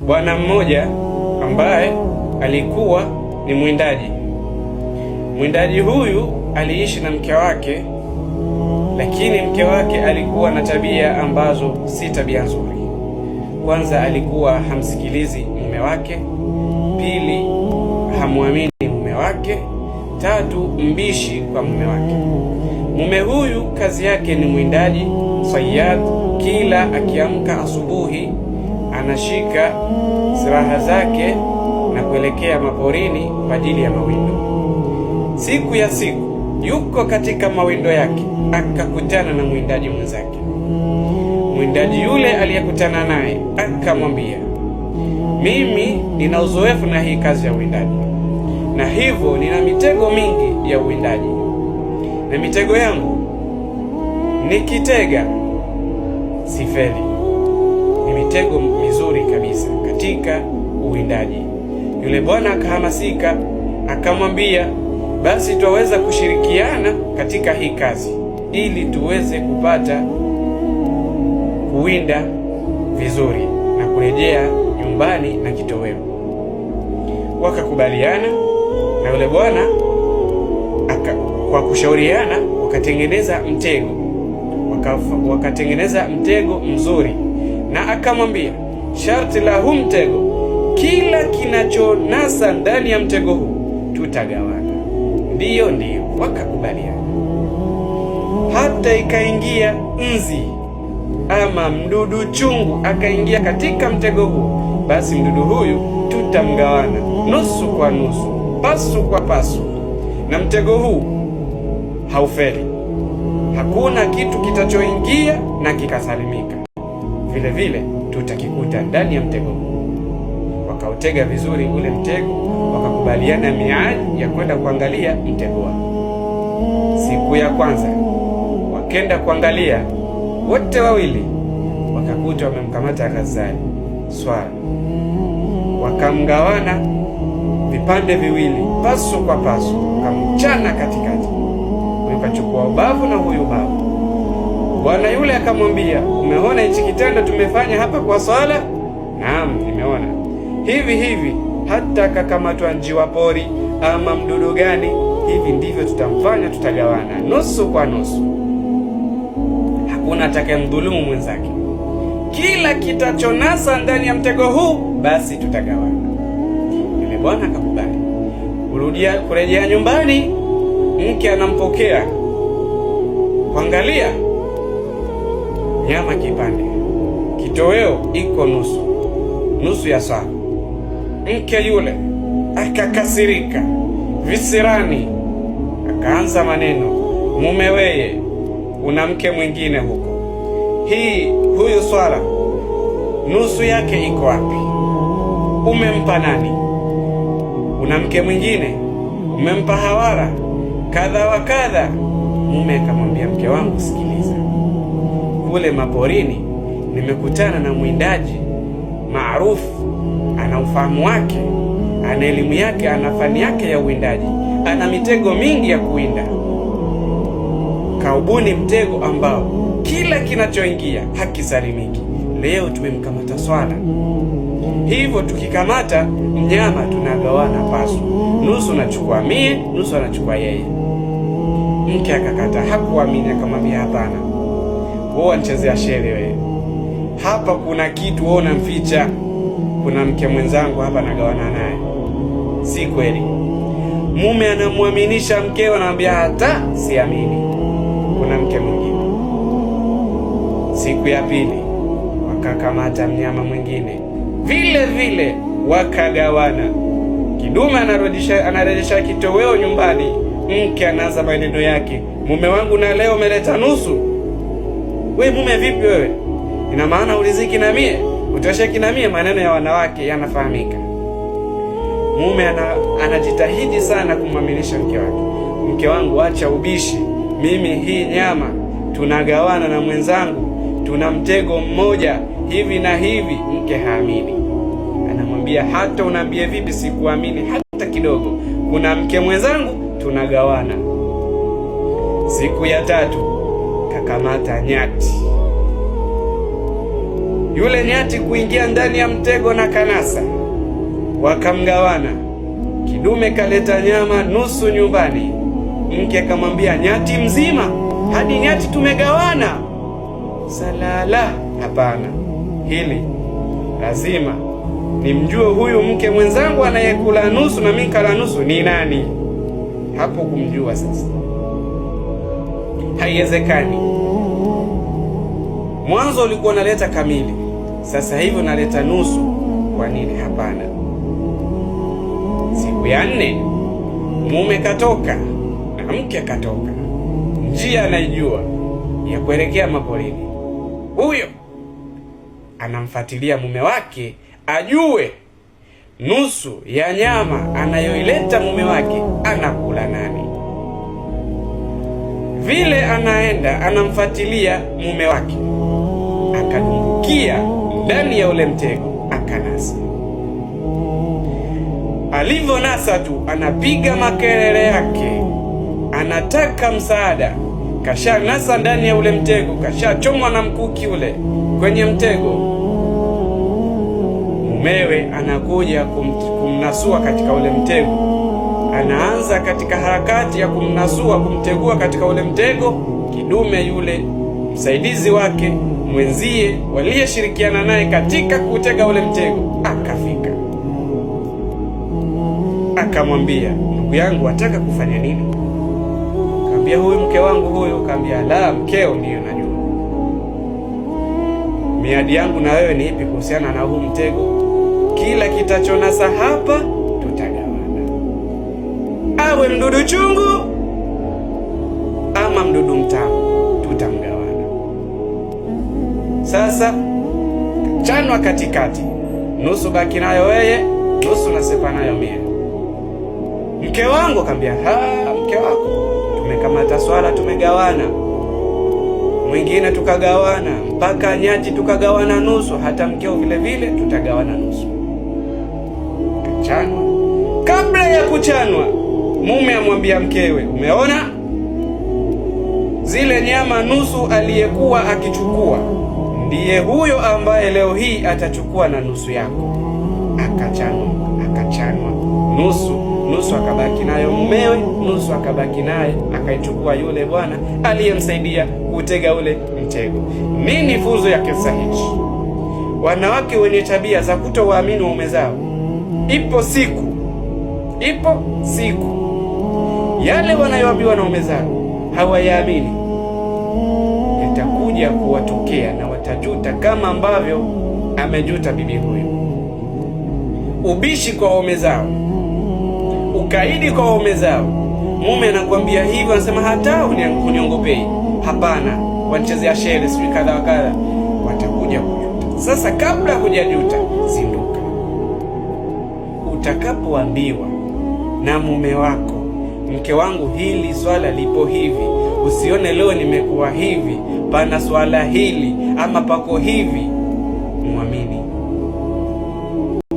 bwana mmoja ambaye alikuwa ni mwindaji. Mwindaji huyu aliishi na mke wake, lakini mke wake alikuwa na tabia ambazo si tabia nzuri. Kwanza, alikuwa hamsikilizi mume wake; pili, hamwamini mume wake; tatu, mbishi kwa mume wake. Mume huyu kazi yake ni mwindaji, sayyad. Kila akiamka asubuhi anashika silaha zake na kuelekea maporini kwa ajili ya mawindo. Siku ya siku yuko katika mawindo yake, akakutana na mwindaji mwenzake. Mwindaji yule aliyekutana naye akamwambia, mimi nina uzoefu na hii kazi ya uwindaji, na hivyo nina mitego mingi ya uwindaji, na mitego yangu nikitega sifeli mitego mizuri kabisa katika uwindaji. Yule bwana akahamasika, akamwambia, basi twaweza kushirikiana katika hii kazi ili tuweze kupata kuwinda vizuri na kurejea nyumbani na kitoweo. Wakakubaliana na yule bwana kwa kushauriana, wakatengeneza mtego waka, wakatengeneza mtego mzuri na akamwambia, sharti la huu mtego, kila kinachonasa ndani ya mtego huu tutagawana. Ndiyo, ndiyo, wakakubaliana. Hata ikaingia nzi ama mdudu chungu akaingia katika mtego huu, basi mdudu huyu tutamgawana nusu kwa nusu, pasu kwa pasu, na mtego huu haufeli. Hakuna kitu kitachoingia na kikasalimika vile vile tutakikuta ndani ya mtego huu. Wakautega vizuri ule mtego, wakakubaliana miadi ya kwenda kuangalia mtego wao. Siku ya kwanza wakenda kuangalia, wote wawili wakakuta wamemkamata ghazali swara, wakamgawana vipande viwili, paso kwa paso, wakamchana katikati, huyu kachukua ubavu na huyu ubavu Bwana yule akamwambia, umeona hichi kitendo tumefanya hapa kwa swala? Naam, nimeona. Hivi hivi hata kakamatwa njiwa pori ama mdudu gani, hivi ndivyo tutamfanya, tutagawana nusu kwa nusu, hakuna atakayemdhulumu mwenzake. Kila kitachonasa ndani ya mtego huu, basi tutagawana. Yule bwana akakubali. Kurudia kurejea nyumbani, mke anampokea kuangalia nyama kipande, kitoweo iko nusu nusu ya saa. Mke yule akakasirika visirani, akaanza maneno, mume weye, una mke mwingine huko, hii huyu swala nusu yake iko wapi? Umempa nani? Una mke mwingine umempa Hawara, kadha wa kadha. Mume akamwambia mke wangu, sikia kule maporini nimekutana na mwindaji maarufu, ana ufahamu wake, ana elimu yake, ana fani yake ya uwindaji, ana mitego mingi ya kuwinda. Kaubuni mtego ambao kila kinachoingia hakisalimiki. Leo tumemkamata swala, hivyo tukikamata mnyama tunagawana pasu, nusu anachukua mie, nusu anachukua yeye. Mke akakata, hakuamini, akamwambia hapana wewe wanichezea shele wewe. Hapa kuna kitu wewe unamficha. Kuna mke mwenzangu hapa nagawana naye. Si kweli. Mume anamwaminisha mkeo anamwambia hata siamini, kuna mke mwingine. Siku ya pili wakakamata mnyama mwingine vile vile, wakagawana. Kidume anarudisha anarejesha kitoweo nyumbani, mke anaanza maneno yake, mume wangu na leo umeleta nusu we mume vipi wewe? Ina maana uliziki na mie utosheki na mie. Maneno ya wanawake yanafahamika. Mume ana, anajitahidi sana kumwaminisha mke wake, mke wangu, acha ubishi, mimi hii nyama tunagawana na mwenzangu, tuna mtego mmoja, hivi na hivi. Mke haamini, anamwambia hata unaambie vipi, sikuamini hata kidogo, kuna mke mwenzangu, tunagawana. Siku ya tatu kakamata nyati. Yule nyati kuingia ndani ya mtego na kanasa, wakamgawana. Kidume kaleta nyama nusu nyumbani, mke akamwambia nyati mzima, hadi nyati tumegawana. Salala, hapana, hili lazima nimjue huyu mke mwenzangu anayekula nusu na mimi kala nusu ni nani. Hapo kumjua sasa haiwezekani. Mwanzo ulikuwa unaleta kamili, sasa hivi unaleta nusu. Kwa nini? Hapana. Siku ya nne mume katoka na mke katoka, njia anaijua ya kuelekea mapolini. Huyo anamfuatilia mume wake ajue nusu ya nyama anayoileta mume wake anakula nani vile anaenda anamfuatilia mume wake, akadungukia ndani ya ule mtego akanasa. Alivyonasa tu anapiga makelele yake, anataka msaada. Kasha nasa ndani ya ule mtego, kashachomwa na mkuki ule kwenye mtego. Mumewe anakuja kum, kumnasua katika ule mtego anaanza katika harakati ya kumnasua, kumtegua katika ule mtego kidume yule msaidizi wake mwenzie waliyeshirikiana naye katika kutega ule mtego. Akafika akamwambia, ndugu yangu, wataka kufanya nini? Kaambia, huyu mke wangu huyu. Kaambia, la, mkeo ndiyo najua. Miadi yangu na wewe ni ipi kuhusiana na huu mtego? Kila kitachonasa hapa awe mdudu chungu ama mdudu mtamu, tutamgawana. Sasa chanwa katikati, nusu baki nayo weye, nusu nasepa nayo mie. Mke wangu kaambia, haa mke wako tumekamata swala, tumegawana mwingine tukagawana mpaka nyaji tukagawana nusu, hata mkeo vile vile tutagawana nusu. Kachanwa kabla ya kuchanwa Mume amwambia mkewe, umeona zile nyama nusu aliyekuwa akichukua, ndiye huyo ambaye leo hii atachukua na nusu yako. Akachanwa, akachanwa nusu nusu, akabaki nayo mmewe, nusu akabaki naye, akaichukua yule bwana aliyemsaidia kutega ule mtego. Nini funzo ya kisa hichi? Wanawake wenye tabia za kutowaamini waume zao, ipo siku, ipo siku yale wanayoambiwa naume zao hawayaamini, yatakuja kuwatokea na watajuta kama ambavyo amejuta bibi huyu. Ubishi kwa waume zao, ukaidi kwa waume zao. Mume anakuambia hivyo, anasema hata uniongopei, hapana, wanchezea shele, sijui kadha wa kadha, watakuja kujuta. Sasa kabla ya kujajuta, zinduka. Utakapoambiwa na mume wako mke wangu, hili swala lipo hivi, usione leo nimekuwa hivi, pana swala hili ama pako hivi